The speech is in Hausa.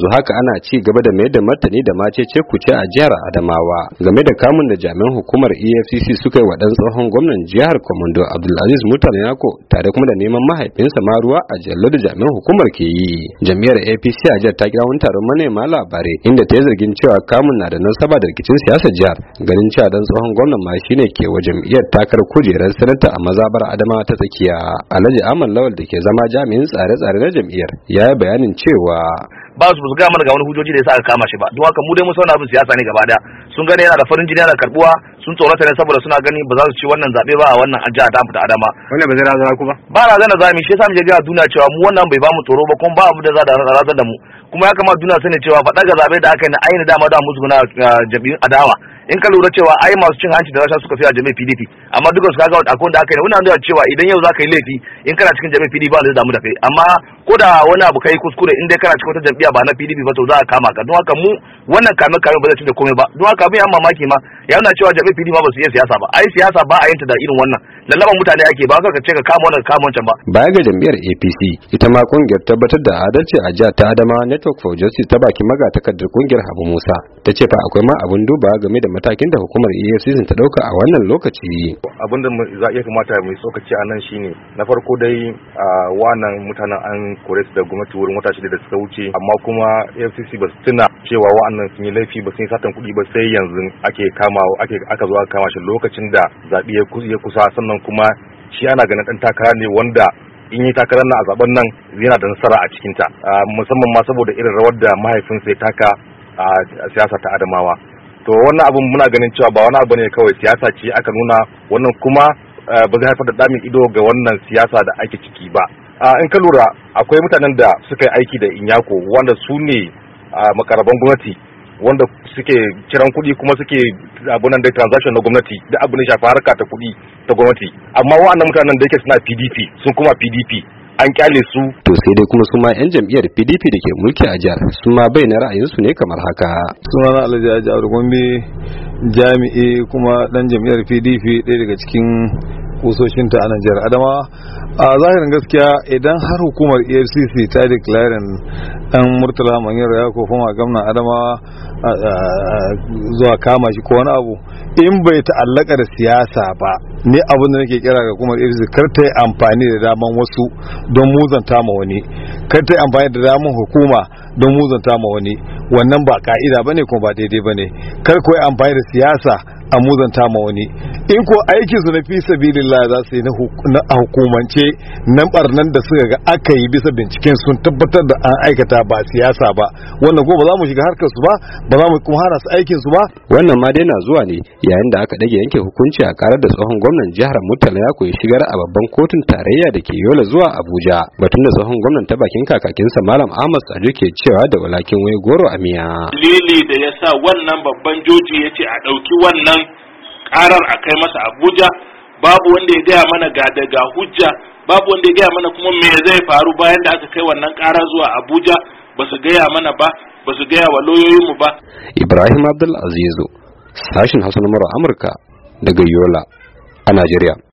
yanzu haka ana ci gaba da mayar da martani da mace ce ku ce a jihar Adamawa game da kamun da jami'an hukumar EFCC suka yi wa dan tsohon gwamnan jihar Komando Abdulaziz Mutala Yako tare kuma da neman mahaifinsa Maruwa, ruwa a jallo da jami'an hukumar ke yi. Jami'ar APC a jihar ta kira wani taron manema labarai inda ta yi zargin cewa kamun na da nasaba da rikicin siyasar jihar ganin cewa dan tsohon gwamnan ma shine ke wa jami'ar takar kujerar sanata a mazabar Adamawa ta tsakiya. Alhaji Ahmad Lawal da ke zama jami'in tsare-tsare na jam'iyyar ya yi bayanin cewa ba su ga mana ga wani hujjoji da yasa aka kama shi ba duk haka mu dai mun sauna abin siyasa ne gaba daya sun gane yana da farin jini yana karbuwa sun tsorata ne saboda suna gani ba za su ci wannan zaɓe ba a wannan an jiha ta fita adama wannan ba zai razana ku ba ba razana za mu shi yasa muke ga duniya cewa mu wannan bai ba mu tsoro ba kuma ba abu da za da razana da mu kuma ya kamata duniya sani cewa faɗa ga zaɓe da aka yi na ainihin dama da musu na jami'in adama in ka lura cewa ai masu cin hanci da rasha suka fi a jami'in PDP amma duka su kaga akwai da aka yi wani da cewa idan yau za ka yi laifi in kana cikin jami'in PDP ba zai damu da kai amma ko da wani abu kai kuskure in dai kana cikin wata jam'iyya ba na PDP ba to za a kama ka don haka mu wannan kame kame ba zai cin da komai ba don haka abin ya mamaki ma ya nuna cewa jami'in pdp ma ba su yi siyasa ba ai siyasa ba a yin ta da irin wannan lallaban mutane ake ba ka ce ka kama wannan kama wancan ba baya ga jami'ar apc ita ma kungiyar tabbatar da adalci a jihar ta adama network for justice ta baki magatakardar kungiyar habu musa ta ce fa akwai ma abun duba game da matakin da hukumar efcc ta dauka a wannan lokaci abin da za iya kamata mai tsokaci a nan shine na farko dai a wannan mutanen an kore su da gwamnati wurin wata shida da suka wuce amma kuma efcc ba su tuna cewa wa'annan sun yi laifi ba sun yi satan kuɗi ba sai yanzu ake kama ake aka zo aka kama lokacin da zaɓi ya kusa sannan kuma shi ana ganin ɗan takara ne wanda in yi takarar nan a zaben nan yana da nasara a cikinta musamman ma saboda irin rawar da mahaifinsa ya taka a siyasa ta adamawa to wannan abin muna ganin cewa ba wani abu ne kawai siyasa ce aka nuna wannan kuma ba zai haifar da damin ido ga wannan siyasa da ake ciki ba in ka lura akwai mutanen da suka yi aiki da inyako wanda su ne makaraban gwamnati wanda suke kiran kuɗi kuma suke abunan da transaction na gwamnati da abu ne shafi harka ta kuɗi ta gwamnati amma wa'annan mutanen da yake suna PDP sun kuma PDP an kyale su to sai dai kuma suma yan jam'iyyar PDP da ke mulki a jihar bai na ra'ayin ra'ayinsu ne kamar haka sunana Alhaji Haji Gombe jami'i kuma dan jam'iyyar PDP ɗaya daga cikin kusoshinta a Najeriya Adama a zahirin gaskiya idan har hukumar EFCC ta declaring ɗan murtala manyan ya ko kuma gamna adamawa zuwa kama shi ko wani abu in bai ta'allaka da siyasa ba ne abin nake kira ga kuma irisi kar ta yi amfani da daman wasu don muzanta ma wani kar ta yi amfani da daman hukuma don muzanta ma wani wannan ba ka'ida ne kuma ba daidai ba ne. kar kuyi amfani da siyasa a muzanta ma wani in ko aiki su na fi sabilillah za su yi na hukumance nan barnan da suka ga aka yi bisa binciken sun tabbatar da an aikata ba siyasa ba wannan ko ba za mu shiga harkar su ba ba za mu kuma hana su aikin su ba wannan ma dai na zuwa ne yayin da aka dage yanke hukunci a karar da tsohon gwamnan jihar Murtala ya koyi shigar a babban kotun tarayya da ke Yola zuwa Abuja batun da tsohon gwamnan ta bakin kakakinsa Malam Ahmad Sajo ke cewa da walakin wai goro a miya. Lili da yasa wannan babban joji ya ce a ɗauki wannan karar a kai masa abuja babu wanda ya gaya mana ga daga hujja babu wanda ya gaya mana kuma me zai faru bayan da aka kai wannan kara zuwa abuja ba su gaya mana ba ba su gaya wa lauyoyinmu ba ibrahim abdul azizu sashin hausa na amurka daga yola a najeriya